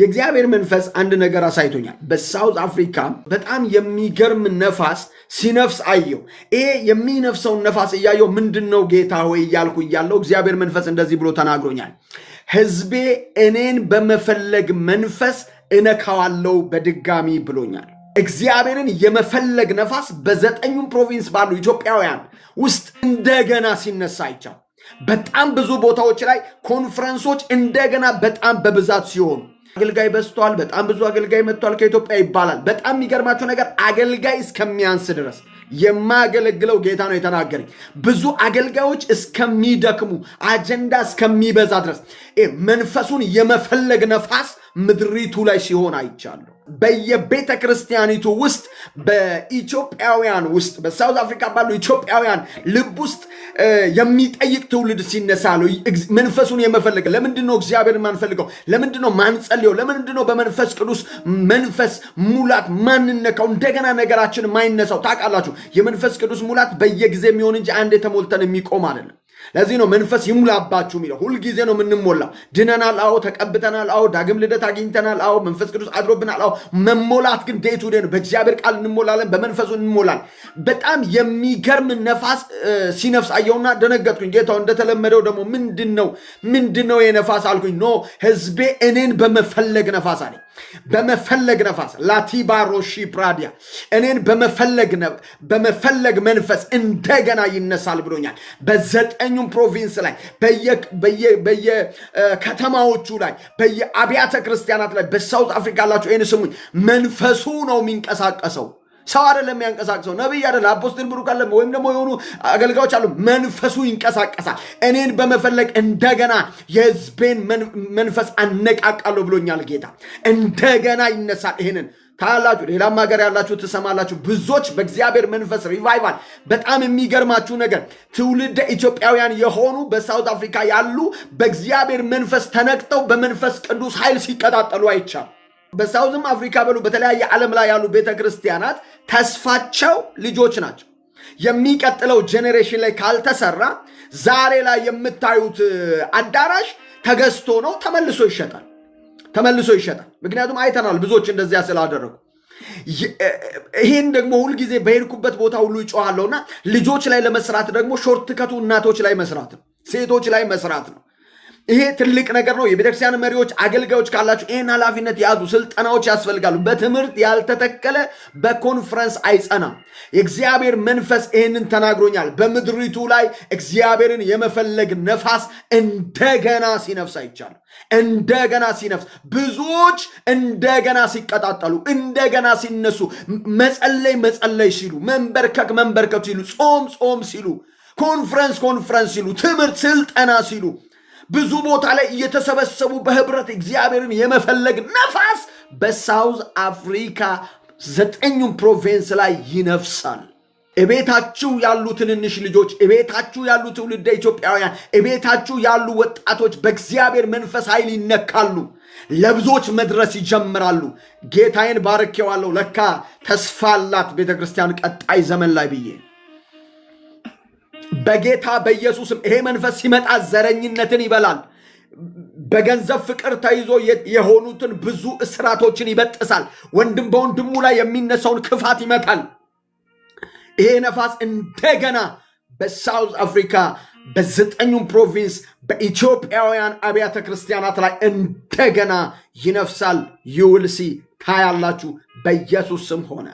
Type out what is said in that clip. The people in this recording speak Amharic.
የእግዚአብሔር መንፈስ አንድ ነገር አሳይቶኛል። በሳውዝ አፍሪካ በጣም የሚገርም ነፋስ ሲነፍስ አየው። ይሄ የሚነፍሰውን ነፋስ እያየው ምንድን ነው ጌታ ሆይ እያልኩ እያለው እግዚአብሔር መንፈስ እንደዚህ ብሎ ተናግሮኛል። ሕዝቤ እኔን በመፈለግ መንፈስ እነካዋለው በድጋሚ ብሎኛል። እግዚአብሔርን የመፈለግ ነፋስ በዘጠኙም ፕሮቪንስ ባሉ ኢትዮጵያውያን ውስጥ እንደገና ሲነሳ አይቻው። በጣም ብዙ ቦታዎች ላይ ኮንፈረንሶች እንደገና በጣም በብዛት ሲሆኑ አገልጋይ በዝቷል፣ በጣም ብዙ አገልጋይ መጥቷል ከኢትዮጵያ ይባላል። በጣም የሚገርማቸው ነገር አገልጋይ እስከሚያንስ ድረስ የማያገለግለው ጌታ ነው የተናገረኝ። ብዙ አገልጋዮች እስከሚደክሙ አጀንዳ እስከሚበዛ ድረስ መንፈሱን የመፈለግ ነፋስ ምድሪቱ ላይ ሲሆን አይቻለሁ። በየቤተ ክርስቲያኒቱ ውስጥ በኢትዮጵያውያን ውስጥ በሳውዝ አፍሪካ ባሉ ኢትዮጵያውያን ልብ ውስጥ የሚጠይቅ ትውልድ ሲነሳ ነው መንፈሱን የመፈለግ ለምንድነው እግዚአብሔር ማንፈልገው? ለምንድነው ማንጸልየው? ለምንድነው በመንፈስ ቅዱስ መንፈስ ሙላት ማንነካው? እንደገና ነገራችን ማይነሳው ታውቃላችሁ። የመንፈስ ቅዱስ ሙላት በየጊዜ የሚሆን እንጂ አንድ የተሞልተን የሚቆም አይደለም። ለዚህ ነው መንፈስ ይሙላባችሁ የሚለው። ሁልጊዜ ነው የምንሞላው። ድነናል፣ አዎ ተቀብተናል፣ አዎ ዳግም ልደት አግኝተናል፣ አዎ መንፈስ ቅዱስ አድሮብናል፣ አዎ መሞላት ግን ዴቱ ነው። በእግዚአብሔር ቃል እንሞላለን፣ በመንፈሱ እንሞላል። በጣም የሚገርም ነፋስ ሲነፍስ አየውና ደነገጥኩኝ። ጌታው እንደተለመደው ደግሞ ምንድን ነው ምንድን ነው የነፋስ አልኩኝ። ኖ ህዝቤ እኔን በመፈለግ ነፋስ አለኝ። በመፈለግ ነፋስ ላቲባሮሺ ፕራዲያ እኔን በመፈለግ መንፈስ እንደገና ይነሳል ብሎኛል። በዘጠኙም ፕሮቪንስ ላይ በየከተማዎቹ ላይ በየአብያተ ክርስቲያናት ላይ በሳውት አፍሪካ ያላቸው ይህን ስሙኝ፣ መንፈሱ ነው የሚንቀሳቀሰው። ሰው አደለም የሚያንቀሳቅሰው፣ ነቢይ አደለ፣ አፖስትል ብሩክ አለ፣ ወይም ደግሞ የሆኑ አገልጋዮች አሉ። መንፈሱ ይንቀሳቀሳል። እኔን በመፈለግ እንደገና የህዝቤን መንፈስ አነቃቃለሁ ብሎኛል ጌታ። እንደገና ይነሳል። ይህንን ታላችሁ ሌላም ሀገር ያላችሁ ትሰማላችሁ። ብዙዎች በእግዚአብሔር መንፈስ ሪቫይቫል። በጣም የሚገርማችሁ ነገር ትውልደ ኢትዮጵያውያን የሆኑ በሳውት አፍሪካ ያሉ በእግዚአብሔር መንፈስ ተነቅተው በመንፈስ ቅዱስ ኃይል ሲቀጣጠሉ አይቻል በሳውዝም አፍሪካ በሉ በተለያየ ዓለም ላይ ያሉ ቤተ ክርስቲያናት ተስፋቸው ልጆች ናቸው። የሚቀጥለው ጄኔሬሽን ላይ ካልተሰራ ዛሬ ላይ የምታዩት አዳራሽ ተገዝቶ ነው ተመልሶ ይሸጣል፣ ተመልሶ ይሸጣል። ምክንያቱም አይተናል ብዙዎች እንደዚያ ስላደረጉ። ይህን ደግሞ ሁልጊዜ በሄድኩበት ቦታ ሁሉ ይጮሃለሁና ልጆች ላይ ለመስራት ደግሞ ሾርትከቱ እናቶች ላይ መስራት ነው፣ ሴቶች ላይ መስራት ነው። ይሄ ትልቅ ነገር ነው። የቤተክርስቲያን መሪዎች፣ አገልጋዮች ካላችሁ ይህን ኃላፊነት የያዙ ስልጠናዎች ያስፈልጋሉ። በትምህርት ያልተተከለ በኮንፈረንስ አይጸናም። የእግዚአብሔር መንፈስ ይህንን ተናግሮኛል። በምድሪቱ ላይ እግዚአብሔርን የመፈለግ ነፋስ እንደገና ሲነፍስ አይቻል። እንደገና ሲነፍስ ብዙዎች እንደገና ሲቀጣጠሉ፣ እንደገና ሲነሱ፣ መጸለይ መጸለይ ሲሉ፣ መንበርከክ መንበርከክ ሲሉ፣ ጾም ጾም ሲሉ፣ ኮንፈረንስ ኮንፈረንስ ሲሉ፣ ትምህርት ስልጠና ሲሉ ብዙ ቦታ ላይ እየተሰበሰቡ በህብረት እግዚአብሔርን የመፈለግ ነፋስ በሳውዝ አፍሪካ ዘጠኙም ፕሮቬንስ ላይ ይነፍሳል። እቤታችሁ ያሉ ትንንሽ ልጆች፣ እቤታችሁ ያሉ ትውልደ ኢትዮጵያውያን፣ እቤታችሁ ያሉ ወጣቶች በእግዚአብሔር መንፈስ ኃይል ይነካሉ። ለብዙዎች መድረስ ይጀምራሉ። ጌታዬን ባርኬዋለሁ። ለካ ተስፋ አላት ቤተ ክርስቲያን ቀጣይ ዘመን ላይ ብዬ በጌታ በኢየሱስም ይሄ መንፈስ ሲመጣ ዘረኝነትን ይበላል። በገንዘብ ፍቅር ተይዞ የሆኑትን ብዙ እስራቶችን ይበጥሳል። ወንድም በወንድሙ ላይ የሚነሳውን ክፋት ይመታል። ይሄ ነፋስ እንደገና በሳውዝ አፍሪካ በዘጠኙም ፕሮቪንስ በኢትዮጵያውያን አብያተ ክርስቲያናት ላይ እንደገና ይነፍሳል። ይውልሲ ታያላችሁ። በኢየሱስ ስም ሆነ